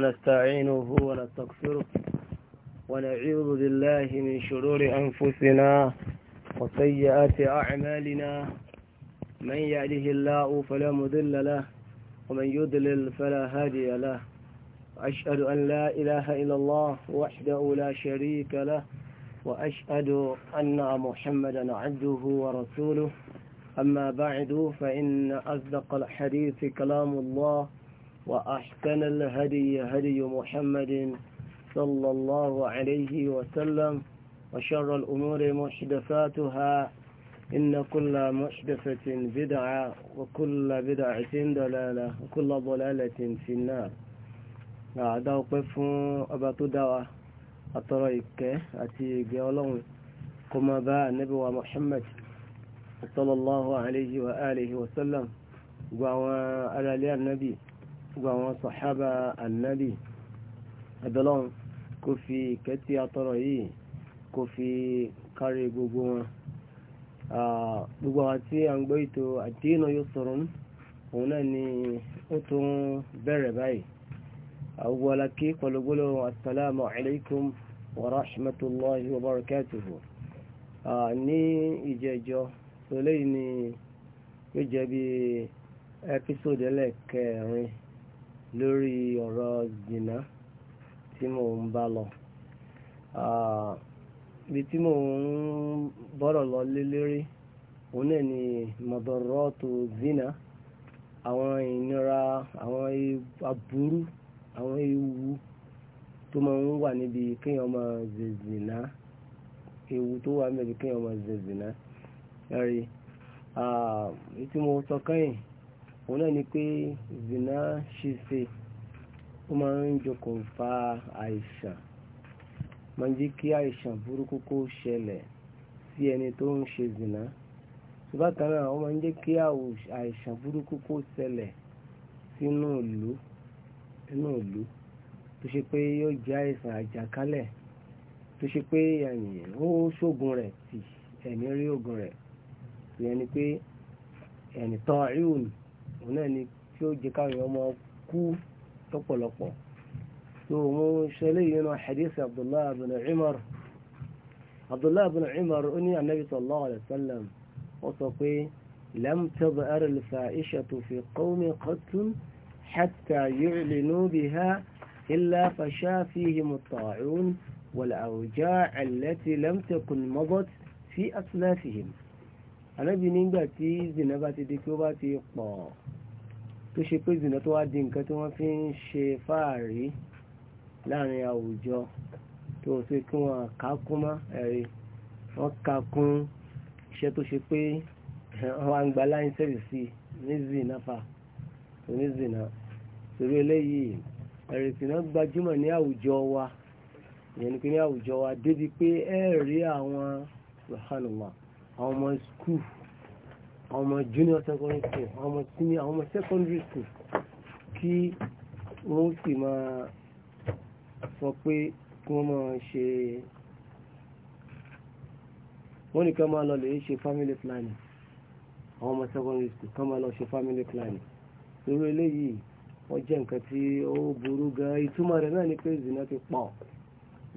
نستعينه ونستغفره ونعوذ بالله من شرور أنفسنا وسيئات أعمالنا من يأله الله فلا مذل له ومن يضلل فلا هادي له أشهد أن لا إله إلا الله وحده لا شريك له وأشهد أن محمدا عبده ورسوله أما بعد فإن أصدق الحديث كلام الله وأحسن الهدي هدي محمد صلى الله عليه وسلم وشر الأمور محدثاتها إن كل محدثة بدعة وكل بدعة دلالة وكل ضلالة في النار هذا وقف أبا تدوى أطريك أتي قولون كما باء النبي محمد صلى الله عليه وآله وسلم وعلى النبي gbogbo àwọn sàhábà ànábì abẹ́lọ́n kó fi kẹ́tì atọ́rọ̀ yìí kó fi kárí gbogbo wọn gbogbo àwọn tí a ń gbọ́ ètò àdínà yóò sọ̀rọ̀ òun náà ni ó tún bẹ̀rẹ̀ báyìí àwọn alákí pọ̀lọ́gbọ́lọ́ assalamu alaikum wa rahmatullahi wa barakatuhu ní ìjẹjọ́ tó lẹ́yìn ni yóò jẹ́ bí ẹpísòdì ẹlẹ́kẹrin lórí ọ̀rọ̀ jìnnà tí mò ń bá lọ ibi tí mò ń bọ́rọ̀ lọ lé lérí òun náà ni mọ̀dọ̀rọ́tò zina àwọn ìnira àwọn aburú àwọn ewu tó máa ń wà níbi kéèyàn máa zèzìnà ewu tó wà níbi kéèyàn máa zèzìnà ẹ̀rí tí mo sọ kẹ́yìn òun náà ni pé zina ṣíṣe ó máa ń jokùnfà àìsàn máa ń jẹ́ kí àìsàn burúkú kó ṣẹlẹ̀ sí ẹni tó ń ṣe zina ṣùgbọ́n náà ó máa ń jẹ́ kí àìsàn burúkú kó ṣẹlẹ̀ sínú ìlú sínú ìlú tó ṣe pé yóò jẹ́ àìsàn àjàkálẹ̀ tó ṣe pé ó ṣògùn rẹ̀ tì ẹ̀mí rí ògùn rẹ̀ ìyẹn ni pé ẹ̀nì tán ríhùn òun náà ni kí ó jẹ káwọn èèyàn máa kú lọ́pọ̀lọpọ̀ tó mo ṣe eléyìí nínú hadith abdullahi ibn umar abdullahi ibn umar ó ní anabi sallallahu alayhi wa sallam ó sọ pé lam tadhhar al-fa'ishatu fi qawmin qattu hatta yu'linu biha illa fasha fihim at-ta'un wal-awja' allati lam takun madat fi aslafihim anabi nígbà tí zina ti di bá ti pọ̀ tó ṣe pé zina tó wá di nǹkan tí wọ́n fi ń ṣe fáàrí láàrin àwùjọ tó ṣe kí wọ́n kákún mọ́ ẹ̀rí wọ́n kákún iṣẹ́ tó ṣe pé wọ́n á gba láyín sẹ́rìsì ní fa ní zina torí eléyìí ẹ̀rí gbajúmọ̀ ní àwùjọ wa ìyẹn ni pé ní àwùjọ wa débi pé ẹ̀rí àwọn subhanallah àwọn ọmọ skul àwọn ọmọ junior secondary school àwọn ọmọ senior àwọn ọmọ secondary school kí wọ́n sì máa sọ pé kí wọ́n máa ṣe wọ́n ní ká máa lọ lè ṣe family planning àwọn ọmọ secondary school ká máa lọ ṣe family planning torí eléyìí wọ́n jẹ́ nǹkan tí ó burú gan ìtumọ̀ rẹ̀ náà ni pé zina ti pọ̀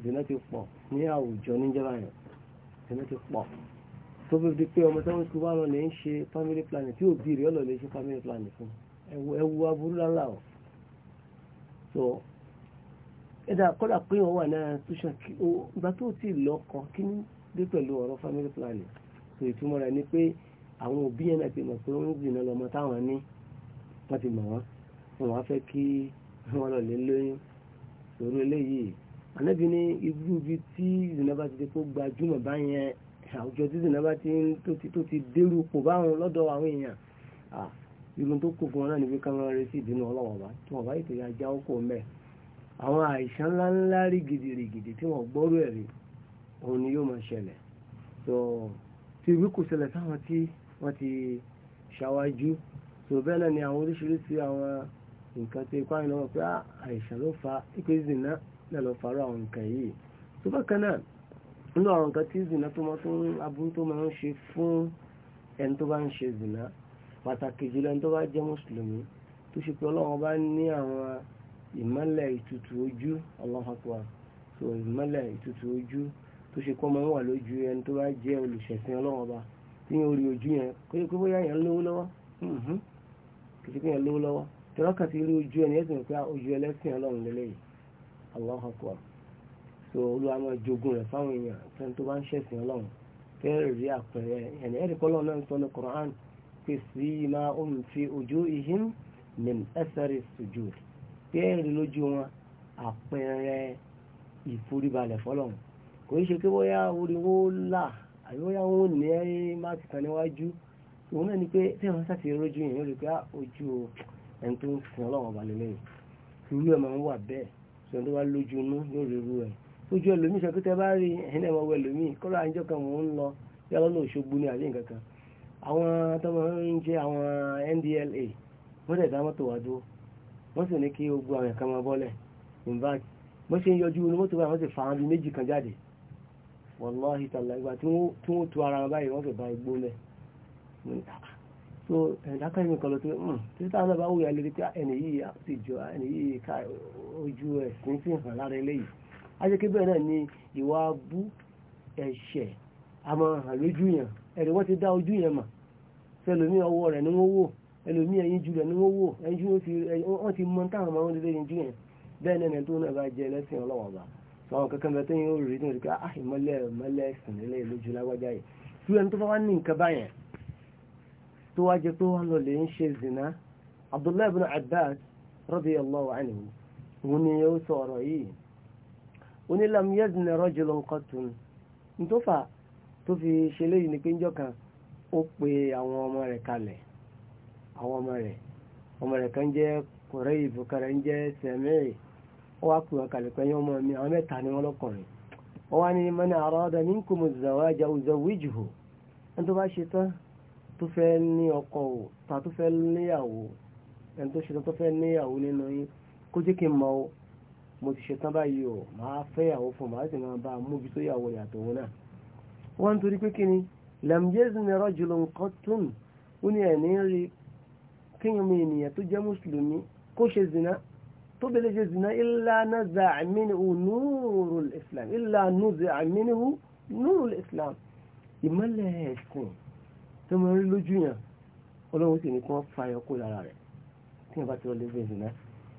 zina ti pọ̀ ní àwùjọ níjọba yẹn zina ti pọ̀ tó fi di pé ọmọ sẹ́wọ́n ti wá lọ lè ń ṣe family planning tí òbí rẹ̀ ọ̀lọ́ lè ṣe family planning fún ẹwu aburú lálá o so ẹ̀dá kọ́dà pé wọ́n wà náà túṣà ìgbà tó ti lọ́kọ kí ní dé pẹ̀lú ọ̀rọ̀ family planning so ìtumọ̀ rẹ̀ ni pé àwọn òbí yẹn náà ti mọ̀ pé wọ́n ń gbìnà lọ́mọ táwọn ní wọ́n ti mọ̀ wọ́n wọn wá fẹ́ kí wọ́n lọ lè lóyún sòrò eléyìí ànábi ní irú ibi tí ìdùnnà bá ti di kó gbajúmọ̀ báyẹn àwùjọ tí zina bá ti ń tó ti dérú pò báwọn lọ́dọ̀ àwọn èèyàn irun tó kù fún wọn náà ni pé ká wọn retí ìdínú ọlọ́wọ́ bá tí wọn bá ètò ìyá já ọkọ̀ mẹ́ àwọn àìsàn ńláńlá rí gidigidi tí wọn gbọ́rú ẹ̀ rí òun ni yóò máa ṣẹlẹ̀ tó tí ìwé kò ṣẹlẹ̀ sáwọn tí wọ́n ti ṣáwájú tó bẹ́ẹ̀ náà ni àwọn oríṣiríṣi àwọn nǹkan tí ipá yìí lọ́wọ́ pé ah, àìsàn ló fa ìpè zina náà ló farọ́ àwọn nǹkan yìí tó bákan náà nínú àwọn nǹkan tí zina tó máa tó ń aburú tó máa ń ṣe fún ẹni tó bá ń ṣe zina pàtàkì jùlọ ẹni tó bá jẹ́ mùsùlùmí tó ṣe pé ọlọ́run bá ní àwọn ìmọ́lẹ̀ ìtutù ojú ọlọ́fàkùwà tó ìmọ́lẹ̀ ìtutù ojú tó ṣe kọ́ máa ń wà lójú ẹni tó bá jẹ́ olùṣẹ̀sìn ọlọ́run bá tí yẹn orí ojú yẹn kó yẹ bóyá yẹn lówó lọ́wọ́ kì ṣe pé yẹn lówó lọ́wọ́ tẹ̀lọ́kà ti rí ojú ẹni ẹ̀sìn pé ojú ẹlẹ́sìn ọlọ́run lélẹ́yìí ọlọ́fàkùwà so olúwa máa jogún rẹ̀ fáwọn èèyàn fẹ́ tó bá ń ṣẹ̀sìn ọlọ́run fẹ́ẹ́ rí àpẹẹrẹ ẹ̀yìn ẹ̀rí kọ́lọ́ náà sọ ní Qur'an pé sí máa ó ń fi ojú ìhín min ẹsẹ̀rì sùjù fẹ́ẹ́ rí lójú wọn àpẹẹrẹ ìforíbalẹ̀ fọlọ́run kò í ṣe pé bóyá orí wo là àbí bóyá wọn ò ní ẹ́rí máàkì kan níwájú òun náà ni pé tẹ́wọ̀n sáti rójú yìí ó rí pé ah, ojú ẹni tó ń sin ọlọ́run ọba lélẹ́yìn irú ẹ̀ máa ń wà bẹ́ẹ̀ sọ ojú ẹlòmíì sọ pé tẹ bá rí ẹ̀hìn ẹ̀mọ wẹ ẹlòmíì kọ́lá àjọ kan mò ń lọ bí ọlọ́nà òṣogbo ní àlẹ́ nǹkan kan àwọn tó ń jẹ́ àwọn NDLA wọ́n tẹ̀ dá mọ́tò wá dúró wọ́n sì ní kí gbogbo àwọn ẹ̀ka máa bọ́lẹ̀ ìmbáàkì bó ṣe ń yọjú ní mọ́tò báyìí wọ́n sì fa àwọn méjì kan jáde wàláhì tàlà ìgbà tí wọ́n tu ara báyìí wọ́n sì bá igbó mẹ́ so ẹ̀dá kan mi kan lọ sí ẹ̀ hmm, tí táwọn náà bá wù yà lórí pé ẹni yìí ti jọ ẹni yìí ká ojú ẹ̀ sínsìn hàn lára eléyìí ajẹ́kẹ́ bẹ́ẹ̀ náà ni ìwà abú ẹ̀ṣẹ̀ àmọ́ hàn lójú yàn ẹ̀rí wọ́n ti dá ojú yẹn mà sẹlòmí ọwọ́ rẹ̀ ni wọ́n wò ẹlòmí ẹ̀yìn jù rẹ̀ ni wọ́n wò ẹ̀yìn jù wọ́n ti mọ táwọn ọmọ wọn lélẹ́yìn jù yẹn bẹ́ẹ̀ náà tó náà bá jẹ lẹ́sìn ọlọ́wọ́ bá sọ̀rọ̀ kankan bẹ́ẹ̀ tó yẹn ó rí tó ah ìmọ̀lẹ́ ìmọ̀lẹ́ ẹ̀sìn lélẹ́ lójú lágbájá yìí tí ẹni tó bá wá ní nǹkan onílam yẹ́dùn ẹ̀rọ jùlọ nǹkan tún ní tó fà tó fi ṣe léyìí ni pé ń ó pe àwọn ọmọ rẹ̀ kalẹ̀ àwọn ọmọ rẹ̀ ọmọ rẹ̀ kan jẹ́ kọ̀rẹ́ ìbùkẹ́rẹ́ ń jẹ́ sẹ̀mẹ́rì ó wá pè wọ́n kalẹ̀ ọmọ mi àwọn mẹ́ta ni wọ́n lọ́kùnrin ó wá ní mọ́nà àrọ́ ọ̀dọ̀ ní kò mọ̀ zàwájà o n o mo ti ṣetán báyìí o máa fẹ́ ìyàwó fún màá sì máa bá a mú ibi tó yàwó yàtọ̀ wọn náà. wọ́n ń torí pé kí ni lamjez ni rọ́jùlọ nǹkan tún ó ní ẹ̀ ní rí kéèyàn mi ènìyàn tó jẹ́ mùsùlùmí kó ṣe zina tó bẹ̀rẹ̀ ṣe zina ilá nàza àmínú islam ilá nùzẹ̀ àmínú núrù islam ìmọ̀lẹ̀ ẹ̀sìn tó máa ń rí lójú yàn ọlọ́run sì ní kí wọ́n fa ẹ̀kọ́ lára rẹ̀ tí wọ́n bá ti rọ́ lé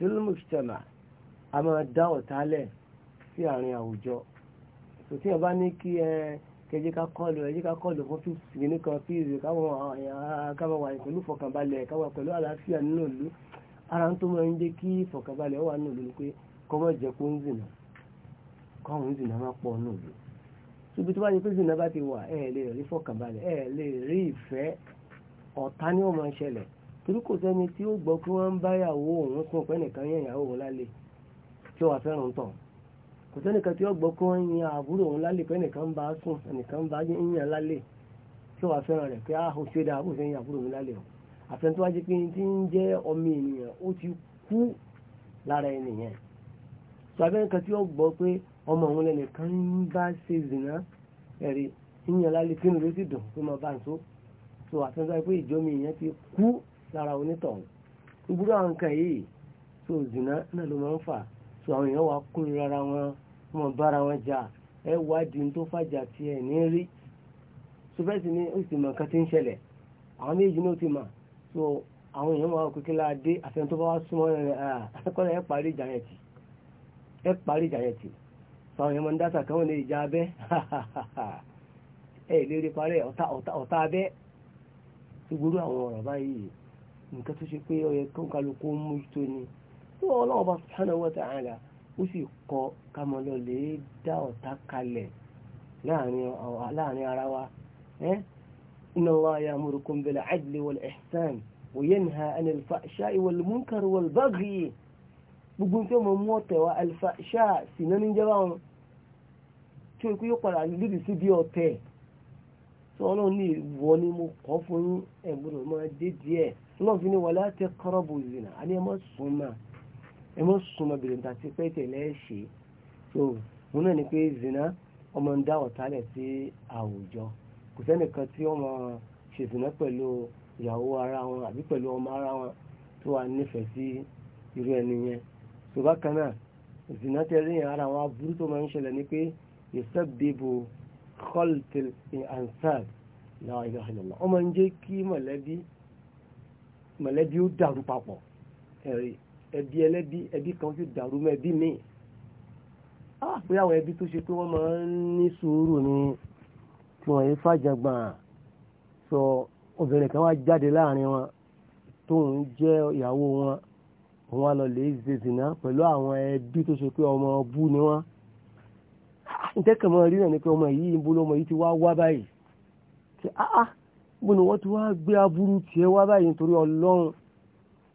fílmùsítẹ̀mà a máa dá ọ̀tálẹ̀ sí àárín àwùjọ tòtí ẹ̀ bá ní kí ẹ kẹjẹ ká kọlù ẹjẹ ká kọlù fún fífi nìkan fífi káwọn káwọn wà pẹ̀lú fọkànbalẹ̀ káwọn pẹ̀lú àlàáfíà nínú ìlú ara tó máa ń jẹ́ kí fọkànbalẹ̀ wà nínú ìlú ni pé kọ́mọ jẹ́ kó ń zìnà káwọn ń zìnà máa pọ̀ nínú ìlú síbi tó bá yẹ pé zìnà bá ti wà ẹ̀ lè rí fọkànbalẹ̀ ẹ̀ lè rí ìfẹ́ ọ̀tá ni ó máa ń ṣẹlẹ̀ torí kò sẹ́ni tí ó gbọ́ kí wọ́n ń bá yàwó òun sùn pé nìkan yẹn ìyàwó òun lálẹ́ tí ó wà fẹ́ràn tọ̀ kò sẹ́ni kan tí ó gbọ́ kí wọ́n ń yan àbúrò òun lálẹ́ pé nìkan bá sùn nìkan bá yan lálẹ́ tí ó wà fẹ́ràn rẹ̀ pé áhùn ah, ṣé dáa kò sẹ́ni àbúrò òun lálẹ́ o àfẹn tó wá jẹ́ pé tí ń jẹ́ ọmọ ènìyàn ó ti kú lára ènìyàn tó abẹ́rẹ́ kan tí ó gbọ́ pé ọmọ òun lẹ́nìkan ni ló sì lára onítọ̀hún gbogbo àwọn nǹkan yìí tó zina náà ló máa ń fà tó àwọn èèyàn wà kún rárá wọn wọn bára wọn jà ẹ wádìí tó fàjà tí ẹ ní rí tó bẹ́ẹ̀ sì ni ó sì mọ nǹkan tí ń ṣẹlẹ̀ àwọn méjì náà ti mà tó àwọn èèyàn máa kékeré la dé àfẹn tó bá wá súnmọ́ ẹ kọ́lẹ̀ ẹ parí ìjà yẹn tì ẹ parí ìjà yẹn tì tó àwọn èèyàn máa ń dáta káwọn lè jà abẹ́ ẹ lè parí ọ̀tá abẹ́ gbogbo àwọn ọ̀rọ̀ báyìí nǹkan tó ṣe pé ó yẹ kó kálukú mójútó ni tó ọlọ́run bá subhanahu wa ta'ala ó sì kọ kámọ́ lọ lè dá ọ̀tá kalẹ̀ láàrin ara wa inna Allaha ya'murukum bil 'adli wal ihsan wa yanha 'anil fahsha'i wal munkari wal baghi gbogbo tí mọ̀ mú ọ̀tẹ̀ wa al fahsha sì náà ní jẹ́wọ́ tí ó kú yóò padà lídì sí bí ọ̀tẹ̀ tí ọlọ́run ní ìwọ ni mo kọ́ fún yín ẹ̀gbọ́n máa dé díẹ̀ lọ́wọ́ fi ní wà láti kọ́rọ́bù zina a ní ẹmọ́ súnmọ́ ẹmọ́ súnmọ́ bìrìn tàti pé tẹ̀lé ṣe so wọn náà ni pé zina ọmọ ń dá ọ̀tálẹ̀ sí àwùjọ kò sẹ́nìkan tí ọmọ ṣe zina pẹ̀lú ìyàwó ara wọn àbí pẹ̀lú ọmọ ara wọn tó wà nífẹ̀ẹ́ sí irú ẹni yẹn so bákan náà zina tẹ̀lé yẹn ara wọn aburú tó máa ń ṣẹlẹ̀ ni pé yusabbibu khaltil ansab la ilaha mọ̀lẹ́bí ó dàrú papọ̀ ẹ̀rí ẹbí ẹlẹ́bí ẹbí kan sì dàrú mọ́ ẹbí míì pé ah, àwọn ẹbí tó ṣe pé wọ́n máa ń ní sùúrù ni tí wọ́n yé fàjàgbà sọ obìnrin kan wá jáde láàrin wọn tóun jẹ́ ìyàwó wọn òun wá lọ lè zèzìnà pẹ̀lú àwọn ẹbí tó ṣe pé ọmọ bú ni wọ́n ntẹ́kẹ̀mọ́ ah, rí rẹ̀ ni pé ọmọ yìí ń bú lọ́mọ yìí ti wá wá báyìí ah, bó ni wọ́n ti wá gbé aburú tiẹ̀ wá báyìí nítorí ọlọ́run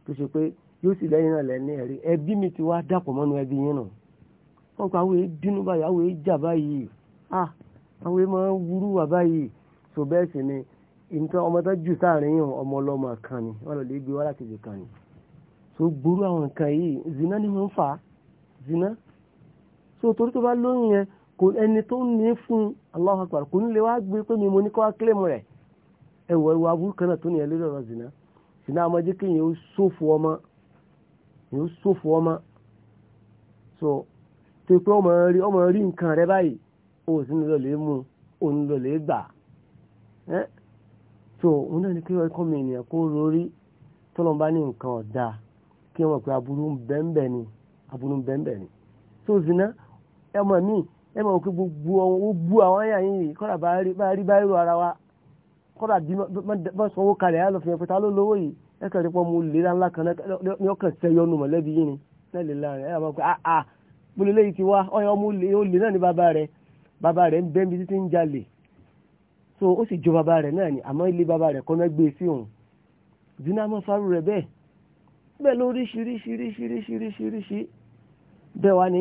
tó ṣe pé yóò sì lẹ́yìn náà lẹ́ni ẹ̀rí ẹbí mi ti wá dàpọ̀ mọ́nu ẹbí yín nù wọ́n pa àwọn èédínú báyìí àwọn èéjà báyìí ah àwọn èé máa ń wúrú wà báyìí tó bẹ́ẹ̀ sì ni nǹkan ọmọ tó jù sáàrin yàn ọmọ ọlọ́mọ kan ni wọ́n lọ lè gbé wá láti kan ni tó gbúrú àwọn nǹkan yìí zina ni wọ́n fà zina so torí tó bá lóyún yẹn kò ẹni tó ń ní fún Allahu Akbar kò ní lè wá gbé pé mi mo ní kó wá kílèmù rẹ̀ ẹwọ ẹwọ tó zina zina amọ̀jẹ́ kéèyàn ya ó ọmọ so tó pé ọmọ rí ọmọ rí nǹkan rẹ báyìí ó sì ń lọ mú ó ń gbà ẹ́ so òun náà ni kí pe aburú ni aburú so zina ẹ mọ̀ mí ẹ mọ̀ pé gbogbo ọ̀hún ó bú àwọn àyà yìí kọ́ra bá rí bá kọ́dà bí wọ́n sanwó kalẹ̀ á lọ fi hàn pé ta ló lówó yìí ẹ kàn rí pọ́ mo lè ńlá kan ní ọkàn sẹ́yọ́ nu mọ̀lẹ́bí yìí ni lẹ́lẹ̀ láàrin ẹ̀ máa pẹ́ àà bólú léyìí ti wá ọyàn mo lè ó lè náà ní bàbá rẹ̀ bàbá rẹ̀ ń bẹ́ẹ̀ bí títí ń jalè so ó sì jọ bàbá rẹ̀ náà ni àmọ́ ilé bàbá rẹ̀ kọ́ná gbé e sí òun zina máa farú rẹ̀ bẹ́ẹ̀ bẹ́ẹ̀ lóríṣiríṣiríṣiríṣiríṣi bẹ́ẹ̀ wá ní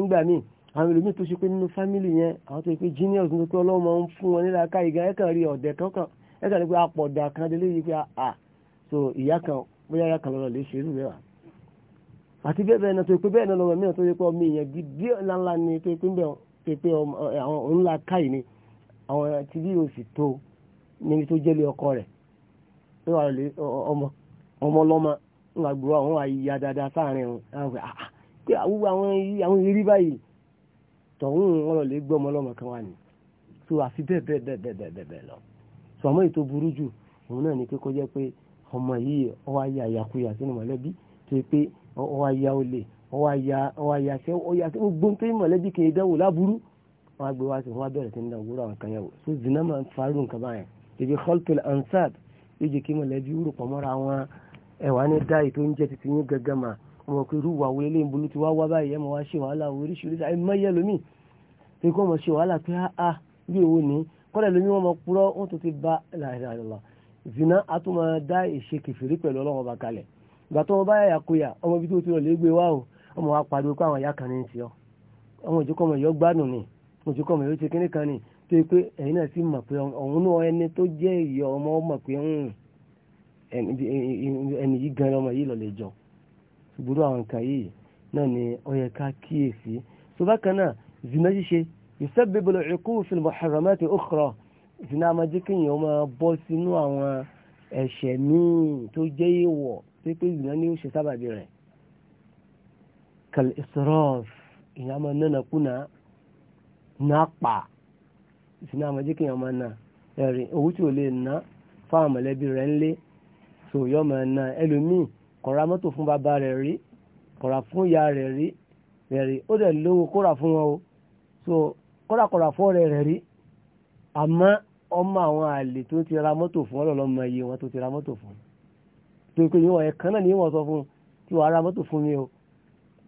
àwọn ìlú míì tó ṣe pé nínú fámìlì yẹn àwọn tó ṣe pé genius ló pé ọlọ́mọ ń fún wọn nílá ká ìgbà ẹ̀kan rí ọ̀dẹ̀ kankan ẹ̀ka ni pé apọ̀dà kan lè léyìí pé a, so ìyá kan bóyá ìyá kan lọ́rọ̀ lè ṣe irú rẹ̀ wà. àti bẹ́ẹ̀ bẹ́ẹ̀ náà tó pé bẹ́ẹ̀ náà lọ́rọ̀ mìíràn tó yẹ pé ọmọ èèyàn gidi ńláńlá ni pé pé àwọn òǹlà káì ni àwọn tí bí o sì tó níbi tó jẹ́lé ọkọ rẹ̀ pé ọmọ ọlọ́mọ ńlá gbúrò àwọn àyíyá dáadáa sáàrin òun ah, ah, pé àwọn eré báyìí tọ̀hún ọlọ́lẹ̀ gbọ́mọ ọlọ́mọ kan wà ní so àfi bẹ́ẹ̀ bẹ́ẹ̀ bẹ́ẹ̀ bẹ́ẹ̀ bẹ́ẹ̀ lọ sọmọ ètò burú jù òun náà ni pé kó jẹ́ pé ọmọ yìí ó wá ya àyàkuyà sínú mọ̀lẹ́bí tó yẹ pé ó wá ya olè ó wá ya ó wá ya sẹ́ ó ya sẹ́ gbogbo ń pé mọ̀lẹ́bí kì í dánwò láburú wọn gbé wá sí wọn á sí ní dánwò àwọn kan yẹn so zina máa ń farú nǹkan báyẹn ibi khalqul ansab yóò jẹ́ kí mọ̀lẹ́bí wúrò pọ̀ mọ́ra wọn ẹ̀wà ní dáì tó ń jẹ́ titi yín gẹ́gẹ́ mà wọn kò rú wà wọlé ń bolú ti wá wá báyìí ẹ̀ wá ṣe wàhálà oríṣiríṣi àìmọye lómi kọ́lẹ̀ lómi wọn máa purọ́ wọn tó ti bá làlàlà zina a tún máa dá ìṣe kẹfìrí pẹ̀lú ọlọ́run ọba kalẹ̀ ìgbà tó wọn bá yà kóyà ọmọ ibi tó ti lọ lè wá o ọmọ wa pariwo pé àwọn ìyá kan ní ti ọ ọmọ ìjókòó ọmọ ìyọ́ gbádùn ni ìjókòó ọmọ ìyọ́ ti kíní kan ni tó yẹ pé ẹ̀yin náà sì mọ̀ pé ọ̀hún náà ẹni tó jẹ́ ìyọ̀ ọmọ mọ̀ pé ẹni yìí gan ọmọ yìí lọ jọ ṣùgbọ́n àwọn nǹkan yìí náà ni ó yẹ ká kíyèsí so bákan náà zina ṣíṣe يسبب العقوق في المحرمات أخرى ìsìnà máa jẹ́ kéèyàn máa bọ́ sínú àwọn ẹ̀ṣẹ̀ míì tó jẹ́ èèwọ̀ tó pé ìgbìnà ní ó ṣe sábàbí rẹ̀ kal israf ìyá máa nánà kùnà náà pa ìsìnà máa jẹ́ kéèyàn máa nà ẹ̀rìn owó tí ò lè ná fáwọn mọ̀lẹ́bí rẹ̀ ńlé tó yọ máa nà ẹlòmíì kọ̀ra mọ́tò fún bàbá rẹ̀ rí kọ̀ra fún ìyá rẹ̀ rí rẹ̀ rí ó dẹ̀ lówó kóra fún wọn o so kọ́dà kọ́dà fọ́ọ̀rẹ́ rẹ̀ rí àmọ́ ọmọ àwọn àlè tó ti ra mọ́tò fún ọlọ́lọ́mọ iye wọn tó ti ra mọ́tò fún tó pé ìwọ̀n ẹ̀kan náà ni ìwọ̀n sọ fún tí wàá ra mọ́tò fún mi o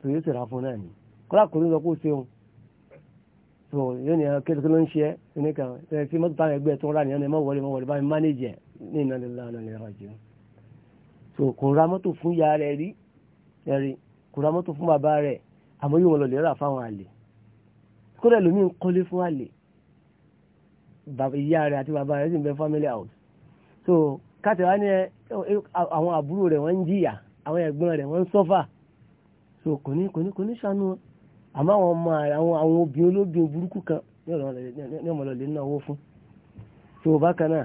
tó yóò sì ra fún náà ni kọ́dà kò ní sọ pé ó ṣeun tó yóò ní ẹran kékeré ló ń ṣe é ní ẹ tí mọ́tò táwọn ẹgbẹ́ tó ń rà nìyẹn ni ẹ má wọlé má wọlé báyìí mánéjì ẹ ní iná lè ya rẹ̀ rí ẹ̀rí kò ra mọ́tò fún bàbá rẹ̀ àmọ́ yóò kódà lómi ń kọ́lé fún àlè ìyá rẹ̀ àti bàbá rẹ̀ sì ń bẹ family house so káàtì wá ní àwọn àbúrò rẹ̀ wọ́n ń jìyà àwọn ẹ̀gbọ́n rẹ̀ wọ́n ń sọ́fà so kò ní kò ní kò ní sànú wọn àmọ́ àwọn ọmọ àwọn àwọn obìnrin olóbìnrin burúkú kan ní ọmọ náà owó fún so bákan náà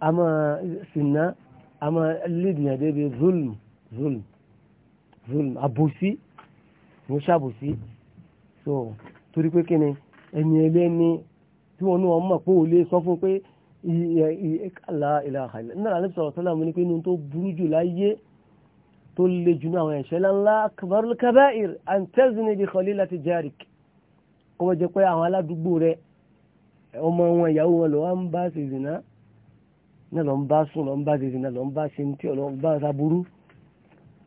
a máa sìnà a máa lédìyàn débi zulm zulm zulm àbòsí mo ṣàbòsí so torí pé kíni ẹni ẹlẹ́ni tí wọn náà mọ̀ pé ò lè sọ fún pé ìkàlà ìlàkàlẹ̀ náà alẹ́ sọ̀rọ̀ sọ́lá mú ní pé inú tó burú jù láyé tó le jù náà àwọn ẹ̀ṣẹ̀ ńláńlá akbarul kaba'ir an tazni bi khalilati jarik kó wọ́n jẹ́ pé àwọn aládùúgbò rẹ ọmọ wọn ìyàwó wọn lọ́wọ́ ń bá ṣe zìnà náà lọ́n àwọn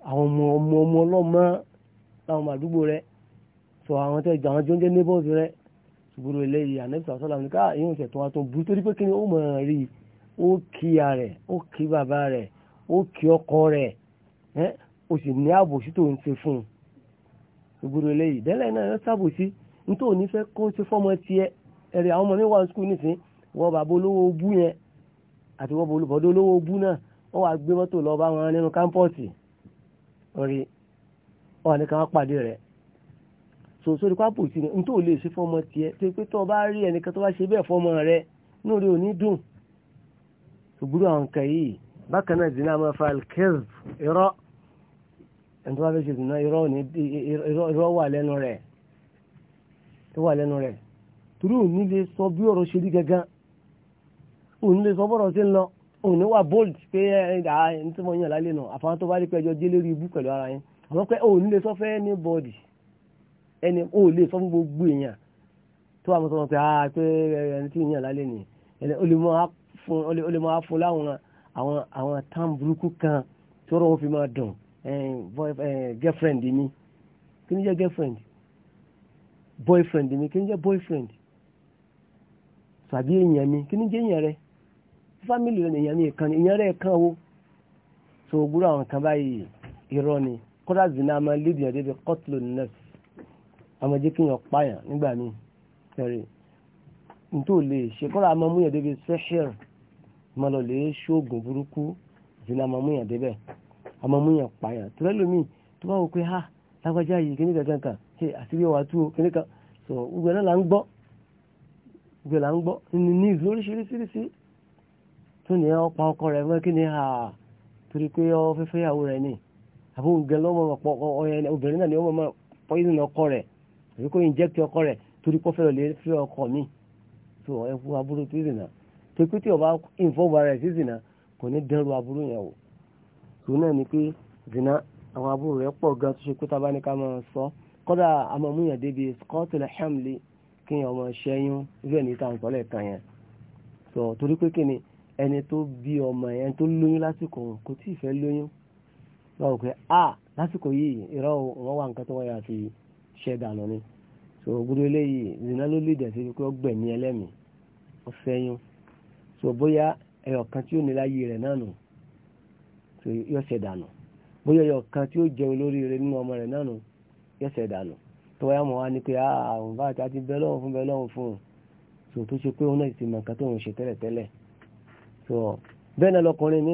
ọmọ ọmọ ọlọ́mọ láwọn àdúgbò rẹ̀ sọ àwọn tẹ́ àwọn jọ ń jẹ́ neighbors rẹ ṣùgbọ́n eléyìí ànẹ́bùsà sọ́lá ní ká ìyóhùn tẹ̀ tó wá tó burú torí pé kí ni ó mọ̀ ọ́n rí ó kí ya rẹ̀ ó kí bàbá rẹ̀ ó kí ọkọ rẹ̀ ẹ́ o sì ní àbòsí tó ń ṣe fún un ṣùgbọ́n eléyìí dẹ́lẹ̀ náà ẹ sábòsí nítorí òní fẹ́ kó ṣe fọ́mọ tiẹ̀ ẹ̀rẹ̀ àwọn ọmọ mi wà ní skul nísìn wọ́n bàbá olówó bú yẹn àti wọ́n bọ̀dọ̀ olówó bú náà wọ́n wá gbé mọ́tò lọ bá wọn nínú kámpọ́ọ̀sì ọ̀rẹ́ wọn ní ká wọ́n pàdé rẹ̀ so sórí pápò tí n tó lè ṣe fọmọ tiẹ̀ tó pé tó bá rí ẹnìkan tó bá ṣe bẹ́ẹ̀ fọmọ rẹ inú rẹ ò ní dùn ṣùgbúrú àwọn nǹkan yìí bákan náà zina máa fa alkez irọ́ ẹni tó bá fẹ́ ṣe zina irọ́ wà lẹ́nu rẹ̀ tó wà lẹ́nu rẹ̀ torí òní lè sọ bí ọ̀rọ̀ ṣe rí gangan òní lè sọ bọ́rọ̀ sí ń lọ òní wà bold pé ẹ̀dá ẹni tí mo yàn lálẹ́ nà àfahàn tó bá rí pé ẹjọ́ délé rí ibú pẹ̀lú ara yẹn àwọn pé òní lè sọ fẹ́ ní bọ́ọ̀dì ẹni ó lè sọ fún gbogbo èèyàn tó wà mọ́sọ́mọ́ pé ah pé eh, ẹni tí ìyàn lálẹ́ nìyẹn ẹni ó lè mọ́ á fún láwọn àwọn àwọn tán kan tí wọ́n fi máa dùn eh, eh, girlfriend mi kí ni jẹ́ girlfriend boyfriend mi kí ni jẹ́ boyfriend tàbí èèyàn mi kí ni jẹ́ èèyàn rẹ fámìlì rẹ èèyàn mi kan èèyàn rẹ kan o so gbúrò àwọn kan báyìí irọ́ ni kódà zina máa lédìí àdébẹ̀ kọ́tùlù nẹ́ẹ̀sì àmọ́ jẹ́ kí èèyàn pààyàn nígbà míì kẹrì nítorí ò lè ṣe kọ́ra àmọ́ mú yàn débi sẹ́ṣẹ̀r má lọ lè ṣoògùn burúkú ìdílé àmọ́ mú yàn débẹ̀ àmọ́ mú yàn pààyàn tẹ́lẹ̀ lómi tó bá wò pé ha lágbájá yìí kí ní kankan kan ṣe àṣírí ọ̀wá tú o kí ní kan sọ gbogbo náà là ń gbọ́ gbogbo là ń gbọ́ ní ní ìlú oríṣiríṣiríṣi tó ní ọ̀pá ọkọ rẹ̀ mọ́ kí ni ha torí pé ọ fẹ́fẹ́ yàwó rẹ̀ ni àbúrò lọ́mọ ọ̀pọ̀ obìnrin ni ọmọ poison ọkọ èyí kò inject ọkọ rẹ̀ torí kó fẹ́ lọ lè fẹ́ ọkọ mi tó ẹ fún aburú tó zìnà tó kú tí ọba ìfọwọ́ rẹ̀ sí zìnà kò ní dẹrù aburú yẹn wò tó náà ni pé zìnà àwọn aburú rẹ̀ pọ̀ gan tó ṣe kó tábà ní ká máa sọ kọ́dà amọ̀múyàn débi scotland hamley kí ni ọmọ ṣẹ́yún irú ẹni tá à ń sọ lẹ́ẹ̀kan yẹn tó torí pé kí ni ẹni tó bí ọmọ yẹn tó lóyún lásìkò kò tí ì fẹ́ lóyún lọ́wọ́ pé a ah, lásìkò yìí ìrọ̀ wọn wà nǹkan tó wọ́n yà yìí ṣẹ́ dànù ni so gbogbo eléyìí zina ló lè dẹ̀sí pé ó gbẹ̀mí ẹlẹ́mìí ó so bóyá ẹyọ kan tí ó ní láyé rẹ̀ náà nù so yóò ṣẹ́ dànù bóyá ẹyọ kan tí ó jẹun lórí rẹ̀ nínú ọmọ rẹ̀ náà nù yóò ṣẹ́ dànù tó wáyà mọ̀ wá ní pé ah, àwọn bá àti bẹ́ẹ̀ lọ́wọ́ fún bẹ́ẹ̀ lọ́wọ́ fún un so tó ṣe pé òun náà ti mọ̀ nǹkan tó ń so bẹ́ẹ̀ náà lọkùnrin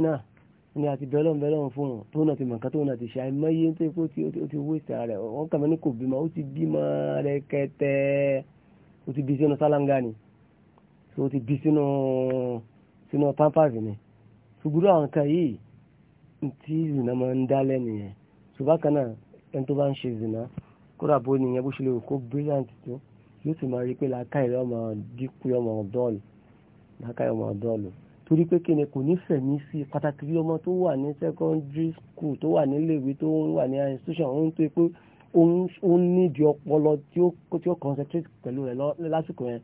ní àti bẹ́lọ́n bẹ́lọ́n fún un tó náà ti mọ̀ nǹkan tó náà ti ṣe àìmọye tó yẹ kó o ti wéṣẹ̀ rẹ̀ wọ́n kà mọ́ ní kò bímọ ó ti bímọ rẹ̀ kẹtẹ́ ó ti bí sínú sálángà ni ó ti bí sínú sínú pampers ni ṣùgbọ́n àwọn kan yìí tí zina máa ń dálẹ̀ nìyẹn ṣùgbọ́n kan náà ẹni tó bá ń ṣe zina kódà bó nìyẹn bó ṣe lè kó brilliant tó yóò sì máa rí pé làákàyè ọmọ dínkù ọmọ ọdọ́ọ̀lù làákàyè ọmọ ọdọ́ọ̀lù torí pé kí ni kò ní fẹ̀mí sí pàtàkì bí ọmọ tó wà ní secondary school tó wà níléèwé tó wà ní institution òun tó pé òun nídìí ọpọlọ tí ó concentrate pẹ̀lú rẹ̀ lásìkò yẹn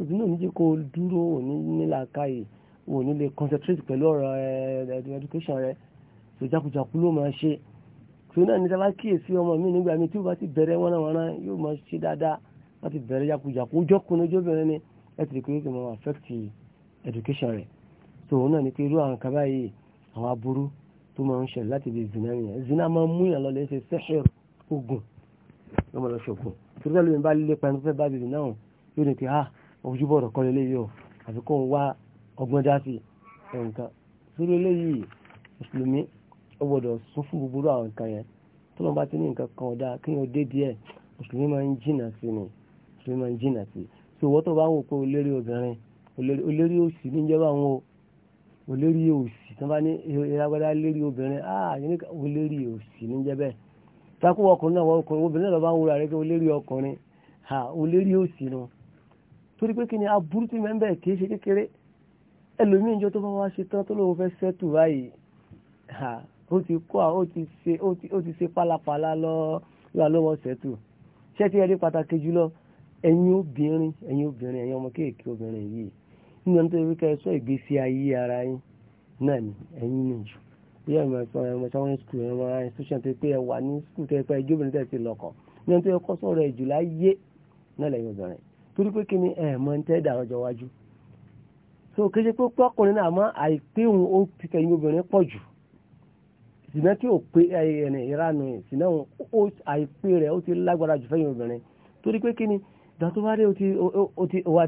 òbí náà níjẹ́ kó dúró òní nílàákàyè òní lè concentrate pẹ̀lú ọ̀rọ̀ education rẹ̀ tó jákujàku ló máa ṣe tó náà níta bá kíyèsí ọmọ mi nígbà mi tí ó bá ti bẹ̀rẹ̀ wọ́nàwọ́nà yóò máa ṣe dáadáa láti bẹ̀rẹ̀ jákujàku ó ojóbìnrin ni ẹ̀ tìrì kò yóò máa affect education rẹ̀ so òun náà ni pé irú àwọn kan báyìí àwọn aburú tó máa ń ṣẹlẹ̀ láti ibi zina nìyẹn zina máa ń mú yàn lọ lè ṣe sẹ́ṣẹ̀r ogun ló máa lọ ṣògùn torí tẹ́lẹ̀ mi bá lé pẹ́ẹ́n fẹ́ bá bìbì náà yóò ní pé ha ah, ojúbọ̀ ọ̀rọ̀ kọ́ lélẹ́yìí o àfi kó ń wá ọgbọ́n dá sí nǹkan sórí eléyìí mùsùlùmí ó gbọ́dọ̀ sún fún gbogbo àwọn nǹkan yẹn tó lọ́n bá ti ní nǹkan kan ọ̀dà kí wọ́n dé díẹ̀ mùsùlùmí máa ń jìnà sí ni mùsùlùmí máa ń jìnà sí so wọ́n tó bá ń wò pé olérí obìnrin olérí òsì níjẹ́ bá o olérí òsì tí wọ́n bá ní ìragbádá lérí obìnrin ah yìí ní olérí òsì ní jẹ́ bẹ́ẹ̀ takú ọkùnrin náà wọ́n ọkùnrin obìnrin náà lọ bá ń wúra rẹ̀ pé olérí ọkùnrin ha olérí òsì nu torí pé kí ni aburú tí mẹ́ńbẹ̀ kì í ṣe kékeré ẹlòmíì ìjọ tó bá wá ṣe tán tó lóun fẹ́ sẹ́tù báyìí ha ó ti kọ́ ó ti ṣe ó ti ṣe pálapàla lọ yóò lọ́wọ́ sẹ́tù ṣé ti ẹ̀rí pàtàkì jùlọ ẹ̀yin obìnrin ẹ̀yin obìnrin ẹ̀yin ọmọ kéèké obìnrin yìí nínú ẹni tó yẹ kẹ́ ẹ sọ ìgbésí ayé ara yín náà ni ẹ̀yin ni jù bí ẹ̀ mọ̀ ẹ̀sán ẹ̀mọ̀ sáwọn skul ẹ̀mọ̀ institution tó pé ẹ wà ní skul tó yẹ pé ẹjọ́ obìnrin tẹ̀sí lọ́kọ̀ nínú ẹni tó yẹ kọ́ sọ̀rọ̀ ẹ̀jù láyé náà lẹ́yìn obìnrin torí pé kí ni ẹ̀ mọ̀ ń tẹ́ dà ọjọ́ wájú so kéde pé pọ́kùnrin náà mọ́ àìpé òun ó ti tẹ̀yìn obìnrin pọ̀ jù sìnà tí ò pé ẹ̀yìn ìranù sìnà àìpé rẹ̀ ó ti lágbára jù fẹ́yìn obìnrin torí pé kí ni dá tó rí o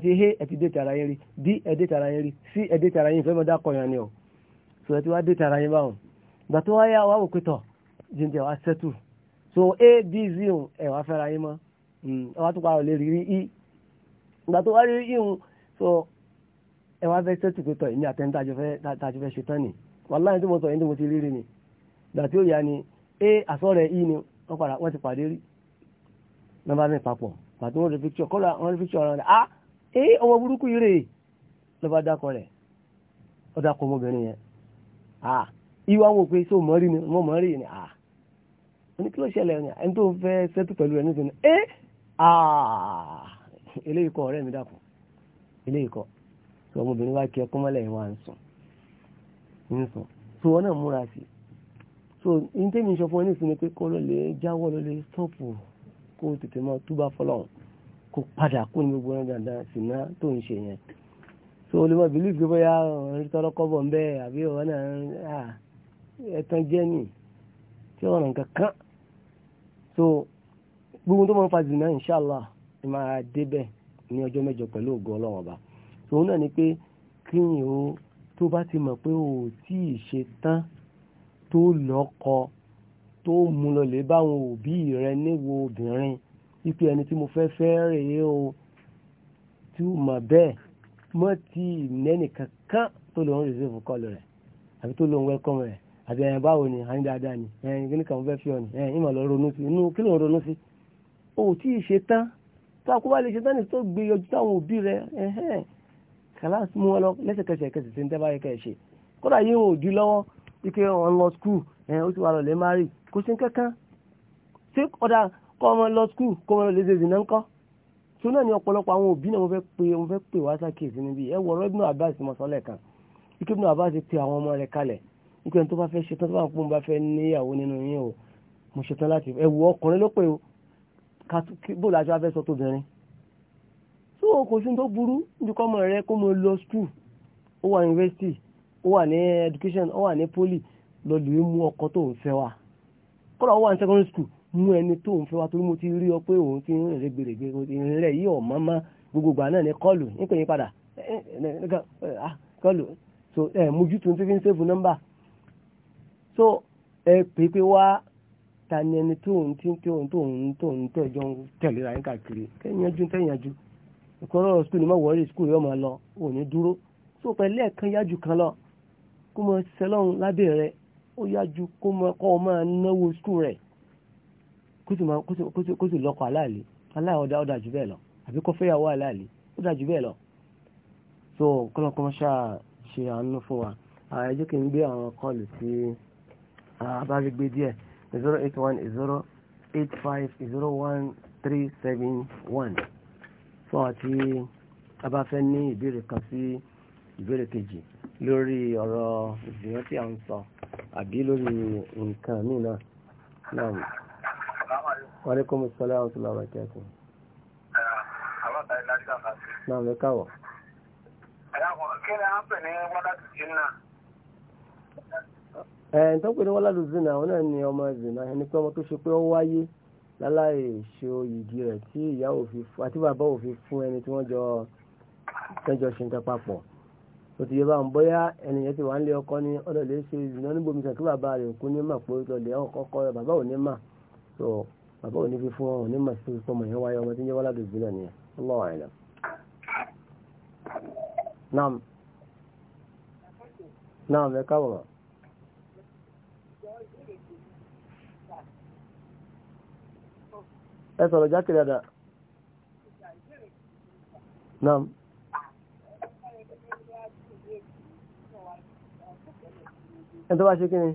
he ẹ ti dé tara yín rí d ẹ dé tara yín rí c ẹ dé tara yín yẹn ni o so ẹ ti wá dé tara báwọn wá yá so a b z ẹ wá fẹ́ra yín mọ́ hmm, ẹ wá tó rí i e. gbà tó wá rí i e, so ẹ wá fẹ́ sẹ́tù pé tọ̀ èmi àtẹ́ni tàjọ fẹ́ ṣetán ni sọ ti ni i e ni wọ́n ti rí pàtó wọn rí píkṣọ kọ́lá wọn rí píkṣọ ọ̀rọ̀ rẹ̀ ah ee eh, ọmọ burúkú yìí rèé ló bá dákọ rẹ̀ ó dákọ ọmọbìnrin yẹn a ah, ìwà wọn pé sọ mọ́rí ni wọ́n mọ́rí ni ah oní kí ló ṣẹlẹ̀ ni ẹni tó fẹ́ sẹ́tù pẹ̀lú rẹ̀ nítorí ee eh, ah eléyìí kọ́ ọ̀rẹ́ mi dàkú eléyìí kọ́ sọ ọmọbìnrin wá kí ẹkún mọ́lẹ̀ yìí wá ń sùn ń sùn sọ wọn náà múra sí so ní tẹ́mi sọ fún ọ ní ìsinmi pé kọ́ ló lè jáwọ́ ló lè sọ́ọ̀pù kó tètè mọ́ túbá fọlọ́run kó padà kó ní gbogbo ọ̀nà dandan sínú tó ń ṣe yẹn so olùmọ̀ bìlú gbé bóyá ọ̀rìn tọ́lọ́kọ́ bọ̀ ń bẹ́ àbí ọ̀rọ̀ náà ẹ̀tàn jẹ́ nì tí ọ̀rọ̀ nǹkan kan so gbogbo tó máa ń fa zina inṣàlá ẹ máa débẹ̀ ní ọjọ́ mẹ́jọ pẹ̀lú ògo ọlọ́run ọba so òun náà ni pé kíyìn o tó bá ti mọ̀ pé ò tí ṣe tán tó lọ́kọ̀ọ́ tó mú lọ lè báwọn òbí rẹ níwò obìnrin wípé ẹni tí mo fẹ́ fẹ́ rèé o tí ó mọ̀ bẹ́ẹ̀ mọ́ ti ìnẹ́nì kankan tó lòun rìsíìfù kọlù rẹ̀ àbí tó lòun wẹ́kọ̀m rẹ̀ àbí ẹ̀yìn báwo ni àyín dáadáa ni ẹ̀yìn kí ni kàn fẹ́ fi ọ̀ ni ẹ̀yìn ìmọ̀ lọ ronú sí inú kí lòun ronú sí o ò tí ì ṣe tán tó àkóbá lè ṣe tán ní tó gbé yọjú táwọn òbí rẹ kàláàsì mú wọn lọ lẹ́sẹ̀kẹsẹ̀ kẹsì tí ń tẹ́ báyìí kẹ́ ṣe kódà yìí wọn ò dí lọ́wọ́ wípé wọn lọ skul ó ti wà lọ lẹ́ márì kò sí kankan ṣé ọ̀dà kọ́ ọmọ lọ skul kọ́ ọmọ lè ṣe ìdìnnà ńkọ́ tó náà ní ọ̀pọ̀lọpọ̀ àwọn òbí náà mo fẹ́ pè mo fẹ́ pè wá sákèsí níbí ẹ wọ̀rọ̀ Ibn Abbas mọ̀ sọ́lẹ̀ kan Ibn Abbas pe àwọn ọmọ rẹ̀ kalẹ̀ nípa ẹni tó bá fẹ́ ṣetán tó bá ń pọ́n bá fẹ́ níyàwó nínú yín o mo ṣetán láti ẹ wọ ọkùnrin ló pè o bóòlù àjọ afẹ́ sọ tóbìnrin tó o kò sí tó burú níbi kọ́ ọmọ rẹ kó mo lọ skul ó wà ní ó wà ní education ó wà ní poli lọ́ọ́ lè mú ọkọ tó ń fẹ́ wa kọ́lá wà ní secondary school mú ẹni tó ń fẹ́ wa torí mo ti rí ọ pé òun ti ń rẹ̀ gbèrègbè ìrìnlẹ̀ yìí ọ̀ mọ́mọ́ gbogbo gbà náà ní kọ́ọ̀lù ń pè padà ah, kọ́ọ̀lù so ẹ mojú tó ń fi ń sèfù nọ́mbà so ẹ pè pé wá ta ni ẹni tó ń tí tó ń tó ń tó ń tẹ̀jọ́ ń tẹ̀lé ra yín káàkiri kẹ́yìnjú tẹ̀yìnjú ìkọ́rọ̀ skul ni mo wọlé skul yóò máa lọ òní dúró so pẹ̀lú ẹ̀kan yájú kan lọ kó mo sẹlọ́run lábẹ́ rẹ̀ ó yá ju kọ́ máa náwó skul rẹ̀ kó sì lọ́kọ̀ aláàlè aláàwọ̀dá ó dájú bẹ́ẹ̀ lọ àbí kó fẹ́yàwó aláàlè ó dájú bẹ́ẹ̀ lọ. so kọ́lọ́kọ́ ṣá ṣe àánú fún wa ẹ jẹ́ kí n gbé àwọn kọ́ọ̀lù sí abárígbé díẹ̀ zero eight one zero eight five zero one three seven one fún àti abáfẹ́ ní ìbéèrè kan sí ìbéèrè kejì lórí ọ̀rọ̀ ìgbìyànjú tí a ń sọ àbí lórí nǹkan míì náà náà mi. wọ́n ní kó mo sọ láwọn tó lọ́wọ́ ìkẹ́kọ̀ọ́. náà mi káwọ̀. ẹ̀ẹ́n tó pè ní wọ́n eh, ládùn zina òun náà ni ọmọ zina ẹni pé ọmọ tó ṣe pé ó wáyé láláì ṣe oyìgì rẹ̀ tí ìyá òfin àti bàbá òfin fún ẹni tí wọ́n jọ ṣe nǹkan papọ̀. ó ti yẹ bá ń bóyá ẹnìyẹn ti wà ń lé ọkọ ní ọ̀dọ̀ lè ṣe ìdùnnà níbo mi sàn kí bàbá rẹ̀ kú ní mà pé lè ọkọ rẹ̀ bàbá ò mà tó bàbá fi fún ọ ní mà sí fún ọmọ yẹn wáyé ọmọ tí ń jẹ́ wọ́n ládùúgbò náà nìyẹn naam naam ẹ káwọ̀. ẹ sọ̀rọ̀ jákèjádà. naam. ẹni tó bá ṣe kí ni.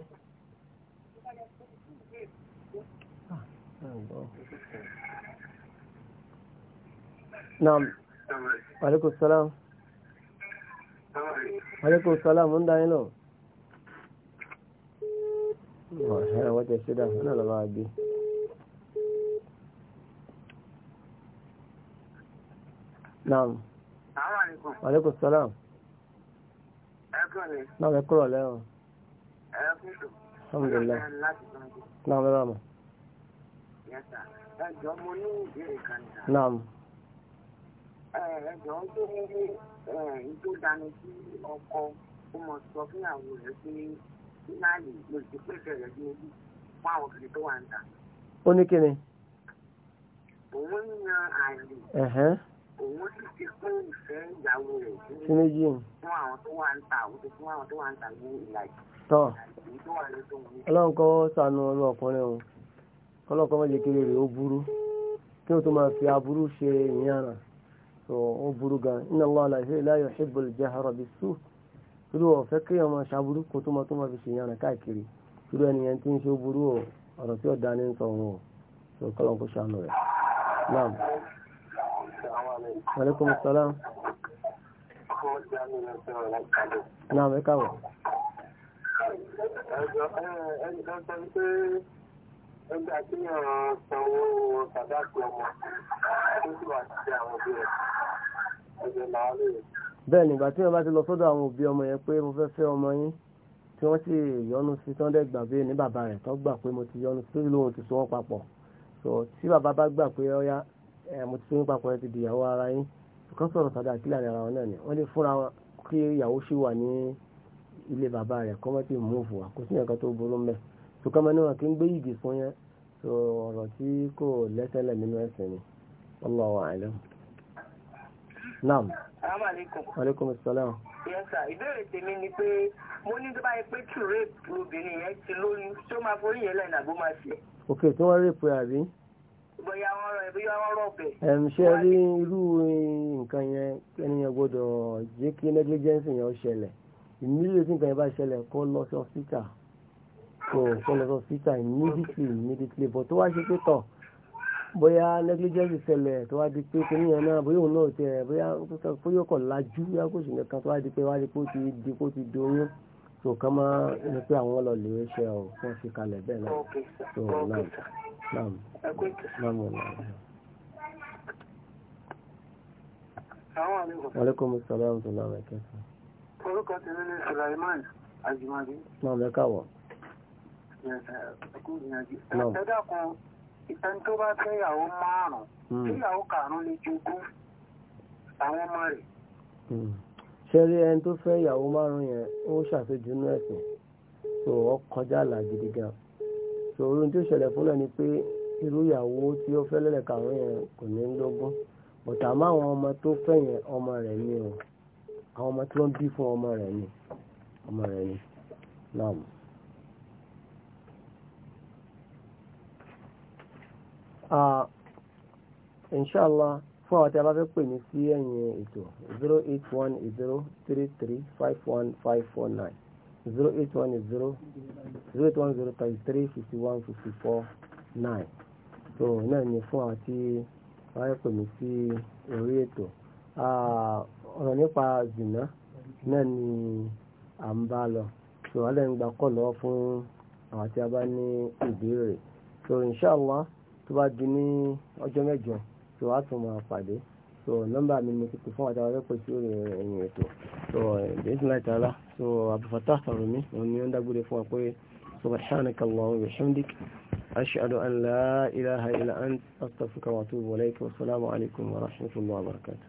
naam aleykum salaam aleykum salaam ń dání lọ. ọ̀hẹ́ wọ́n ti ṣe dà náà lọ́wọ́ àgbé. naam aleykum salaam. ẹ kúrò lẹ́wọ̀n alhamdulilayi naam naam. ẹjọ́ mo ní ìbéèrè kan dà. naam. ẹjọ́ tó ń gbé ìjó dání sí ọkọ ó mọ sọ fún àwọn rẹ̀ pé fúlàní ló ti pèsè rẹ̀ ní ojú fún àwọn kiri tó wà ń tà. ó ní kíni. òun ń yan àlè òun sì ti pín ìfẹ́ ìyàwó rẹ̀ sí fún àwọn tó wà ń tà fún àwọn tó wà ń tà ní ìlàjì tọ́ ọlọ́run kọ́ sànú ọmọ ọkùnrin o ọlọ́run kọ́ mọ́jẹ́ kiri rẹ̀ ó burú kí o tó máa fi aburú ṣe ìyára tó ó burú gan inna Allaha la yuhibbul jahra bis-su' irú ọ̀fẹ́ kí ọmọ ṣàbúrú kó tó máa tó máa fi ṣe ìyára káàkiri irú ẹnìyẹn tí ń ṣe ó burú o ọ̀rọ̀ tí ó dání ń sọ wọn o tó kọ́lọ́n sànú rẹ̀ naam. aleykum salaam. naam ẹ káwọ̀ ẹni kan sọ pé ẹgbẹ́ àtúnyàn sanwó sàdáàkì ọmọ tó sì wà sí àwọn òbí rẹ̀ ẹgbẹ́ làwọn lè. bẹ́ẹ̀ nígbà tí wọ́n bá ti lọ sọ́dọ̀ àwọn òbí ọmọ yẹn pé mo fẹ́ fẹ́ ọmọ yín tí wọ́n sì yọnu sí tí wọ́n dẹ̀ gbà bẹ́ẹ̀ ní bàbá rẹ̀ tó gbà pé mo ti yọnu sí lóhun ti so wọ́n papọ̀ so tí bàbá bá gbà pé ọyá mo ti so yín papọ̀ ẹ ti di ìyàwó ara yín kọ́ sọ̀rọ̀ sàdáàkì láàrin ara náà ni wọ́n lè fúnra kí ìyàwó sì wà ní ilé bàbá rẹ̀ kọ́ mọ́tì múùfù wa kò sí nǹkan tó burú mẹ́ tó kọ́ mọ́ níwà kí ń gbé yìgì fún yẹn tó ọ̀rọ̀ tí kò lẹ́sẹ̀lẹ̀ nínú ẹ̀sìn ni Allahu a'lam. naam. salaamaleykum. aleykum salaam. yes sir ìbéèrè tèmi ni pé mo ní tó bá yẹ pé true rape lobìnrin ok tí wọ́n rape àbí bóyá wọn rọ ẹbí wọn rọ ọbẹ. ṣe rí irú nǹkan yẹn ẹni yẹn gbọ́dọ̀ jẹ́ kí negligence yẹn ó ṣẹlẹ̀ ìmílẹ̀ tí nǹkan yẹn bá ṣẹlẹ̀ kó lọ sí ọ̀sítà kó kó lọ sí ọ̀sítà immediately immediately bọ̀ tó wá ṣe pé tọ̀ bóyá negligence ṣẹlẹ̀ tó wá di pé kínní yẹn náà bóyá òun náà tẹ̀ bóyá bóyá ọkọ̀ lajú yá kó sì nìkan tó wá di pé wá di pé ó ti di kó ti doyún tó kàn máa ní pé àwọn lọ lè ṣe ọ̀ fún ṣe kalẹ̀ bẹ́ẹ̀ náà tó náà náà náà mọ̀ náà. Wa alaikum salaam wa rahmatullahi wa barakatuh orúkọ tèmi ni Sulaiman Ajimabi. náà mẹ́ka wọ̀. ẹ dákun ẹni tó bá fẹ́ ìyàwó márùn-ún hmm. ìyàwó karùn-ún ni jogún àwọn ọmọ rẹ̀. Hmm. ṣẹ́rí ẹni tó fẹ́ ìyàwó márùn-ún yẹn ó ṣàfihàn inú ẹ̀sìn tó ọ kọjá àlà gidi gan so orin tó ṣẹlẹ̀ fúnlẹ̀ ni pé irú ìyàwó tí ó fẹ́ lẹ́lẹ̀ karùn-ún yẹn kò ní lógún bọ̀tà máwọn ọmọ tó fẹ́ yẹn ọmọ rẹ̀ ni o àwọn ọmọ tí wọ́n bí fún ọmọ rẹ̀ ni ọmọ rẹ̀ ni náà. Uh, inshallah fún àwọn tí a bá fẹ́ pè mí sí ẹ̀yìn ètò zero eight one zero three three five one five four nine zero eight one zero zero eight one zero thirty three fifty one fifty four nine so náà ni fún àwọn tí a bá fẹ́ pè sí orí ètò ọ̀rọ̀ nípa zìnà náà ni à ń bá lọ tó wà lẹ́yìn gba kọ́ lọ́wọ́ fún àwọn tí a bá ní ìbéèrè tó inshallah tó bá di ní ọjọ́ mẹ́jọ tó wà tó máa pàdé tó nọ́mbà mi mo ti fún àtàwọn ẹ̀pẹ́ sí orí ẹ̀yìn ètò tó ìdíyẹ́sìn láì tààlà tó Abu Fattah Sarumi òun ni ó ń dágbére fún wa pé subhanaka Allahumma wa أشهد أن لا إله إلا أنت أستغفرك وأتوب إليك والسلام عليكم ورحمة الله وبركاته